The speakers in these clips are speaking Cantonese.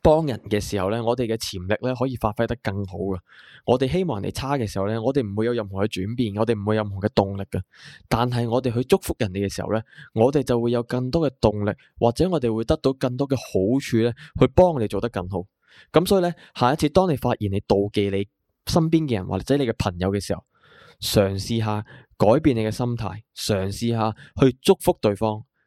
幫人嘅時候呢，我哋嘅潛力呢可以發揮得更好㗎。我哋希望人哋差嘅時候呢，我哋唔會有任何嘅轉變，我哋唔會有任何嘅動力㗎。但係我哋去祝福人哋嘅時候呢，我哋就會有更多嘅動力，或者我哋會得到更多嘅好處呢，去幫你做得更好。咁所以呢，下一次當你發現你妒忌你身邊嘅人或者你嘅朋友嘅時候，嘗試下改變你嘅心態，嘗試下去祝福對方。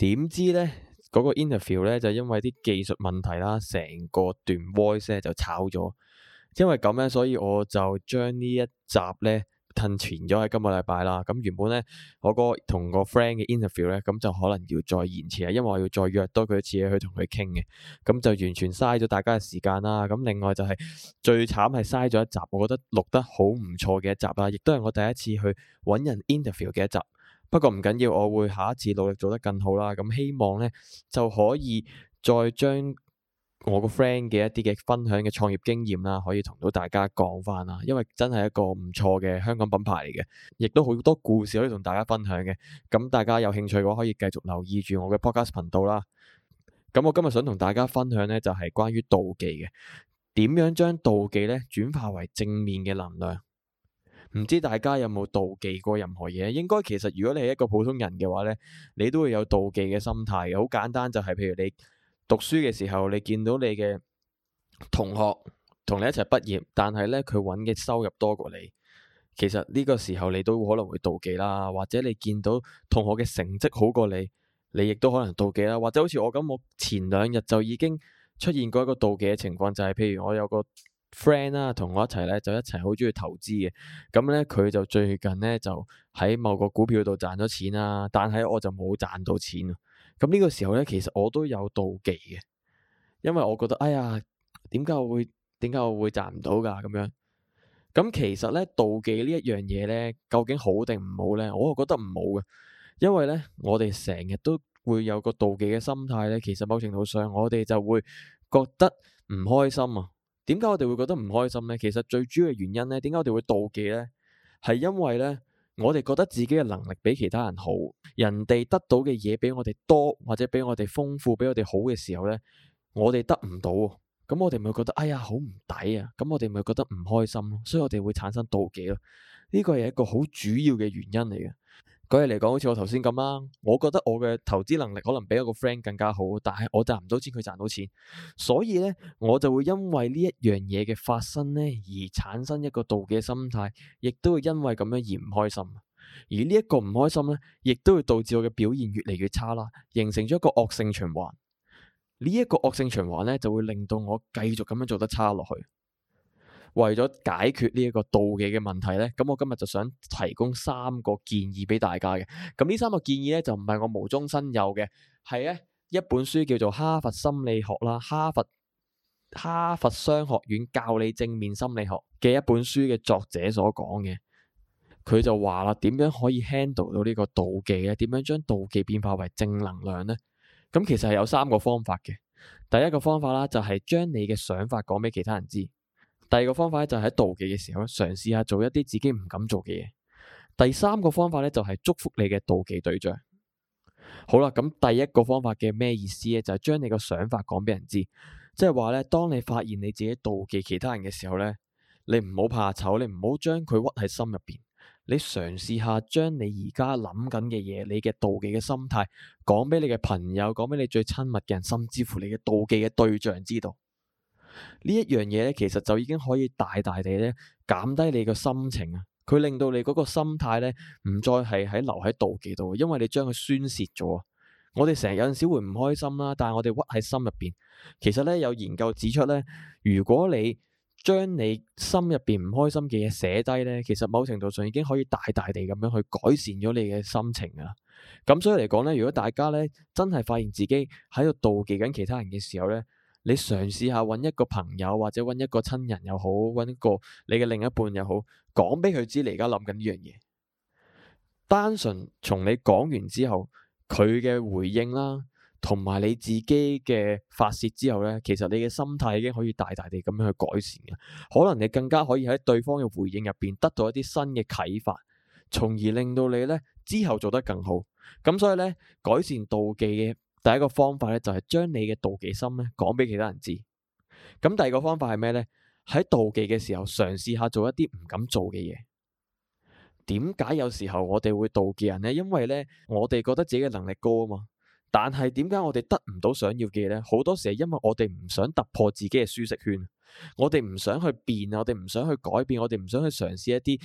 點知呢嗰個 interview 呢，就因為啲技術問題啦，成個段 voice 呢就炒咗。因為咁呢，所以我就將呢一集呢褪前咗喺今個禮拜啦。咁原本呢，我個同個 friend 嘅 interview 呢，咁就可能要再延遲啊，因為我要再約多佢一次去同佢傾嘅。咁就完全嘥咗大家嘅時間啦。咁另外就係最慘係嘥咗一集，我覺得錄得好唔錯嘅一集啦，亦都係我第一次去搵人 interview 嘅一集。不過唔緊要，我會下一次努力做得更好啦。咁希望咧，就可以再將我個 friend 嘅一啲嘅分享嘅創業經驗啦，可以同到大家講翻啦。因為真係一個唔錯嘅香港品牌嚟嘅，亦都好多故事可以同大家分享嘅。咁大家有興趣嘅話，可以繼續留意住我嘅 podcast 頻道啦。咁我今日想同大家分享咧，就係關於妒忌嘅，點樣將妒忌咧轉化為正面嘅能量。唔知大家有冇妒忌過任何嘢？應該其實如果你係一個普通人嘅話呢，你都會有妒忌嘅心態。好簡單，就係譬如你讀書嘅時候，你見到你嘅同學同你一齊畢業，但係呢，佢揾嘅收入多過你，其實呢個時候你都可能會妒忌啦。或者你見到同學嘅成績好過你，你亦都可能妒忌啦。或者好似我咁，我前兩日就已經出現過一個妒忌嘅情況，就係譬如我有個。friend 啦、啊，同我一齊咧，就一齊好中意投資嘅。咁咧，佢就最近咧就喺某個股票度賺咗錢啦、啊。但係我就冇賺到錢、啊。咁呢個時候咧，其實我都有妒忌嘅，因為我覺得哎呀，點解我會點解我會賺唔到噶、啊？咁樣咁，樣其實咧妒忌呢一樣嘢咧，究竟好定唔好咧？我覺得唔好嘅，因為咧我哋成日都會有個妒忌嘅心態咧，其實某程度上我哋就會覺得唔開心啊。點解我哋會覺得唔開心呢？其實最主要嘅原因呢，點解我哋會妒忌呢？係因為呢，我哋覺得自己嘅能力比其他人好，人哋得到嘅嘢比我哋多或者比我哋豐富、比我哋好嘅時候呢，我哋得唔到，咁我哋咪覺得哎呀好唔抵啊！咁我哋咪覺得唔開心咯，所以我哋會產生妒忌咯。呢個係一個好主要嘅原因嚟嘅。舉例嚟講，好似我頭先咁啦，我覺得我嘅投資能力可能比一個 friend 更加好，但係我賺唔到錢，佢賺到錢，所以咧我就會因為呢一樣嘢嘅發生咧而產生一個妒忌嘅心態，亦都會因為咁樣而唔開心，而呢一個唔開心咧，亦都會導致我嘅表現越嚟越差啦，形成咗一個惡性循環。呢一個惡性循環咧，就會令到我繼續咁樣做得差落去。為咗解決呢一個妒忌嘅問題呢，咁我今日就想提供三個建議畀大家嘅。咁呢三個建議呢，就唔係我無中生有嘅，係呢一本書叫做《哈佛心理學》啦，《哈佛哈佛商學院教你正面心理學》嘅一本書嘅作者所講嘅。佢就話啦：「點樣可以 handle 到呢個妒忌呢？點樣將妒忌變化為正能量呢？」咁其實係有三個方法嘅。第一個方法啦，就係將你嘅想法講俾其他人知。第二個方法就係喺，妒忌嘅時候，嘗試下做一啲自己唔敢做嘅嘢。第三個方法咧，就係祝福你嘅妒忌對象。好啦，咁第一個方法嘅咩意思咧？就係將你個想法講俾人知，即係話咧，當你發現你自己妒忌其他人嘅時候咧，你唔好怕醜，你唔好將佢屈喺心入邊，你嘗試下將你而家諗緊嘅嘢，你嘅妒忌嘅心態講俾你嘅朋友、講俾你最親密嘅人，甚至乎你嘅妒忌嘅對象知道。呢一樣嘢咧，其實就已經可以大大地咧減低你個心情啊！佢令到你嗰個心態咧，唔再係喺留喺妒忌度，因為你將佢宣泄咗。我哋成日有陣時會唔開心啦，但係我哋屈喺心入邊。其實咧有研究指出咧，如果你將你心入邊唔開心嘅嘢寫低咧，其實某程度上已經可以大大地咁樣去改善咗你嘅心情啊！咁所以嚟講咧，如果大家咧真係發現自己喺度妒忌緊其他人嘅時候咧，你嘗試下揾一個朋友，或者揾一個親人又好，揾個你嘅另一半又好，講畀佢知你而家諗緊呢樣嘢。單純從你講完之後，佢嘅回應啦，同埋你自己嘅發洩之後咧，其實你嘅心態已經可以大大地咁樣去改善嘅。可能你更加可以喺對方嘅回應入邊得到一啲新嘅啟發，從而令到你咧之後做得更好。咁所以咧，改善妒忌嘅。第一個方法咧，就係將你嘅妒忌心咧，講俾其他人知。咁第二個方法係咩咧？喺妒忌嘅時候嘗試下做一啲唔敢做嘅嘢。點解有時候我哋會妒忌人咧？因為咧我哋覺得自己嘅能力高啊嘛。但係點解我哋得唔到想要嘅嘢咧？好多時係因為我哋唔想突破自己嘅舒適圈，我哋唔想去變啊，我哋唔想去改變，我哋唔想去嘗試一啲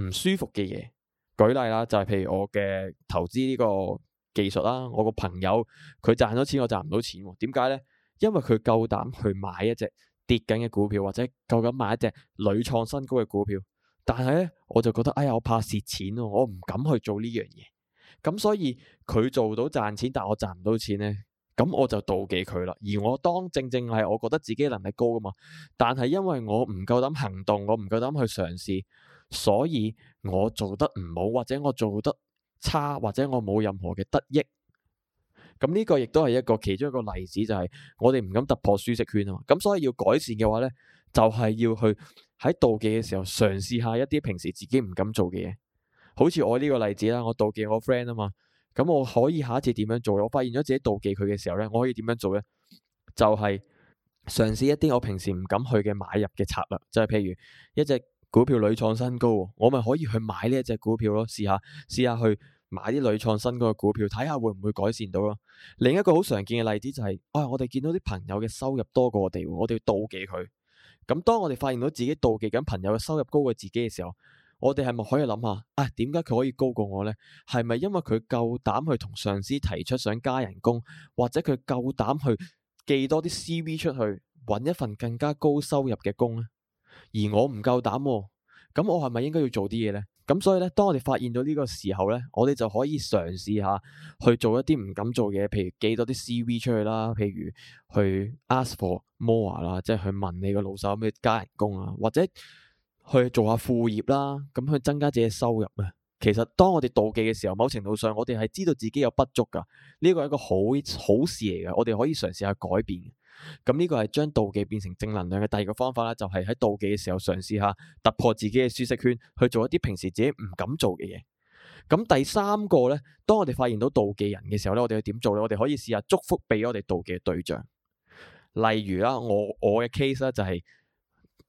唔舒服嘅嘢。舉例啦，就係譬如我嘅投資呢個。技術啦，啊，我個朋友佢賺咗錢，我賺唔到錢喎，點解咧？因為佢夠膽去買一隻跌緊嘅股票，或者夠膽買一隻屢創新高嘅股票。但係咧，我就覺得哎呀，我怕蝕錢喎，我唔敢去做呢樣嘢。咁所以佢做到賺錢，但係我賺唔到錢咧，咁我就妒忌佢啦。而我當正正係我覺得自己能力高噶嘛，但係因為我唔夠膽行動，我唔夠膽去嘗試，所以我做得唔好，或者我做得。差或者我冇任何嘅得益，咁呢個亦都係一個其中一個例子，就係我哋唔敢突破舒適圈啊嘛。咁所以要改善嘅話咧，就係要去喺妒忌嘅時候嘗試下一啲平時自己唔敢做嘅嘢，好似我呢個例子啦，我妒忌我 friend 啊嘛，咁我可以下一次點樣做？我發現咗自己妒忌佢嘅時候咧，我可以點樣做咧？就係嘗試一啲我平時唔敢去嘅買入嘅策略，就係譬如一隻。股票屢創新高，我咪可以去買呢一隻股票咯，試下試下去買啲屢創新高嘅股票，睇下會唔會改善到咯。另一個好常見嘅例子就係，哎，我哋見到啲朋友嘅收入多過我哋，我哋要妒忌佢。咁當我哋發現到自己妒忌緊朋友嘅收入高過自己嘅時候，我哋係咪可以諗下，哎，點解佢可以高過我咧？係咪因為佢夠膽去同上司提出想加人工，或者佢夠膽去寄多啲 CV 出去，搵一份更加高收入嘅工咧？而我唔夠膽喎，咁我係咪應該要做啲嘢咧？咁所以咧，當我哋發現咗呢個時候咧，我哋就可以嘗試下去做一啲唔敢做嘅嘢，譬如寄多啲 CV 出去啦，譬如去 ask for more 啦，即係去問你個老細有冇加人工啊，或者去做下副業啦，咁去增加自己嘅收入啊。其實當我哋妒忌嘅時候，某程度上我哋係知道自己有不足噶，呢個係一個好好事嚟嘅，我哋可以嘗試下改變。咁呢個係將妒忌變成正能量嘅第二個方法啦，就係喺妒忌嘅時候嘗試下突破自己嘅舒適圈，去做一啲平時自己唔敢做嘅嘢。咁第三個咧，當我哋發現到妒忌人嘅時候咧，我哋要點做咧？我哋可以試下祝福俾我哋妒忌嘅對象。例如啦，我我嘅 case 咧就係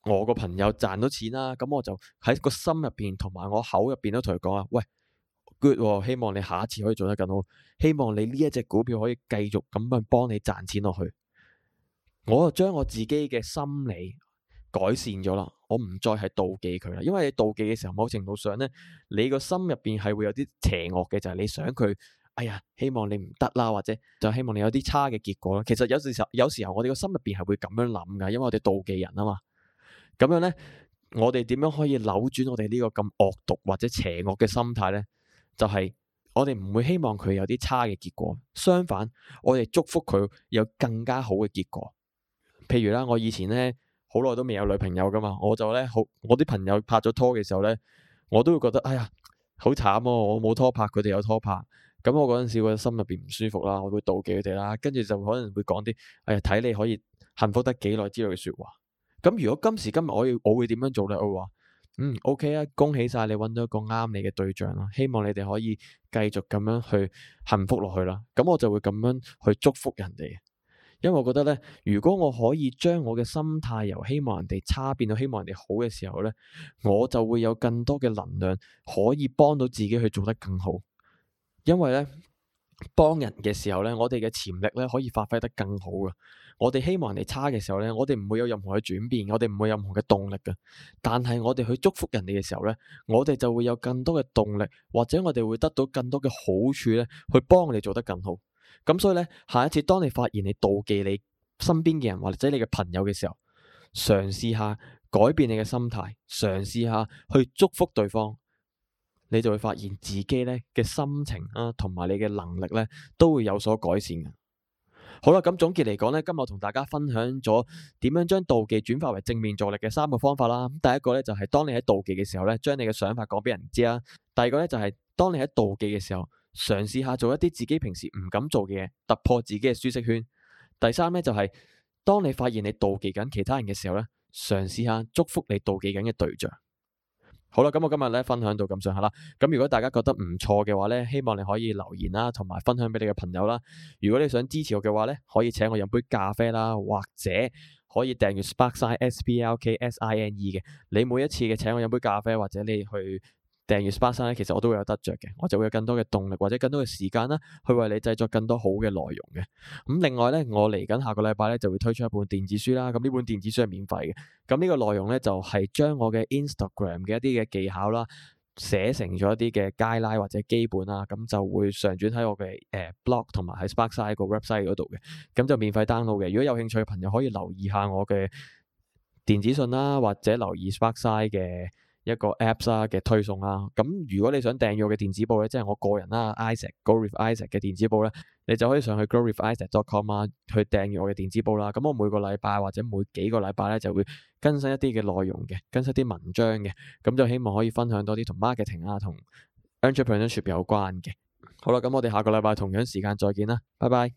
我個朋友賺到錢啦，咁我就喺個心入邊同埋我口入邊都同佢講啊，喂，good，希望你下一次可以做得更好，希望你呢一隻股票可以繼續咁樣幫你賺錢落去。我就將我自己嘅心理改善咗啦，我唔再係妒忌佢啦。因為你妒忌嘅時候，某程度上咧，你個心入邊係會有啲邪惡嘅，就係你想佢，哎呀，希望你唔得啦，或者就希望你有啲差嘅結果咯。其實有陣時，有時候我哋個心入邊係會咁樣諗噶，因為我哋妒忌人啊嘛。咁樣咧，我哋點樣可以扭轉我哋呢個咁惡毒或者邪惡嘅心態咧？就係我哋唔會希望佢有啲差嘅結果，相反，我哋祝福佢有更加好嘅結果。譬如啦，我以前咧好耐都未有女朋友噶嘛，我就咧好，我啲朋友拍咗拖嘅時候咧，我都會覺得哎呀好慘哦，啊，我冇拖拍，佢哋有拖拍，咁我嗰陣時個心入邊唔舒服啦，我會妒忌佢哋啦，跟住就可能會講啲哎呀睇你可以幸福得幾耐之類嘅說話。咁如果今時今日我要我會點樣做咧？我話嗯 OK 啊，恭喜晒你揾到一個啱你嘅對象啦，希望你哋可以繼續咁樣去幸福落去啦。咁我就會咁樣去祝福人哋。因為我覺得咧，如果我可以將我嘅心態由希望人哋差變到希望人哋好嘅時候咧，我就會有更多嘅能量可以幫到自己去做得更好。因為咧，幫人嘅時候咧，我哋嘅潛力咧可以發揮得更好噶。我哋希望人哋差嘅時候咧，我哋唔會有任何嘅轉變，我哋唔會有任何嘅動力噶。但係我哋去祝福人哋嘅時候咧，我哋就會有更多嘅動力，或者我哋會得到更多嘅好處咧，去幫我哋做得更好。咁所以咧，下一次當你發現你妒忌你身邊嘅人或者你嘅朋友嘅時候，嘗試下改變你嘅心態，嘗試下去祝福對方，你就會發現自己咧嘅心情啊，同埋你嘅能力咧都會有所改善嘅。好啦，咁總結嚟講咧，今日同大家分享咗點樣將妒忌轉化為正面助力嘅三個方法啦。第一個咧就係、是、當你喺妒忌嘅時候咧，將你嘅想法講俾人知啦。第二個咧就係、是、當你喺妒忌嘅時候。嘗試下做一啲自己平時唔敢做嘅嘢，突破自己嘅舒適圈。第三呢，就係、是，當你發現你妒忌緊其他人嘅時候呢，嘗試下祝福你妒忌緊嘅對象。嗯、好啦，咁我今日呢分享到咁上下啦。咁如果大家覺得唔錯嘅話呢，希望你可以留言啦，同埋分享俾你嘅朋友啦。如果你想支持我嘅話呢，可以請我飲杯咖啡啦，或者可以訂閱 Sparkside S, ign, S P L K S, S I N E 嘅。你每一次嘅請我飲杯咖啡或者你去。訂閱 Sparkside 其實我都會有得着嘅，我就會有更多嘅動力或者更多嘅時間啦、啊，去為你製作更多好嘅內容嘅。咁另外咧，我嚟緊下個禮拜咧就會推出一本電子書啦。咁呢本電子書係免費嘅。咁呢個內容咧就係、是、將我嘅 Instagram 嘅一啲嘅技巧啦，寫成咗一啲嘅 guideline 或者基本啦、啊。咁就會上傳喺我嘅誒、呃、blog 同埋喺 Sparkside 個 website 嗰度嘅。咁就免費 download 嘅。如果有興趣嘅朋友可以留意下我嘅電子信啦，或者留意 Sparkside 嘅。一個 apps 啦嘅推送啦、啊，咁如果你想訂閱我嘅電子報咧，即係我個人啦、啊、，Isaac Grow with Isaac 嘅電子報咧，你就可以上去 growwithisaac.com 啊，去訂閱我嘅電子報啦。咁我每個禮拜或者每幾個禮拜咧，就會更新一啲嘅內容嘅，更新啲文章嘅，咁就希望可以分享多啲同 marketing 啊，同 entrepreneurship 有關嘅。好啦，咁我哋下個禮拜同樣時間再見啦，拜拜。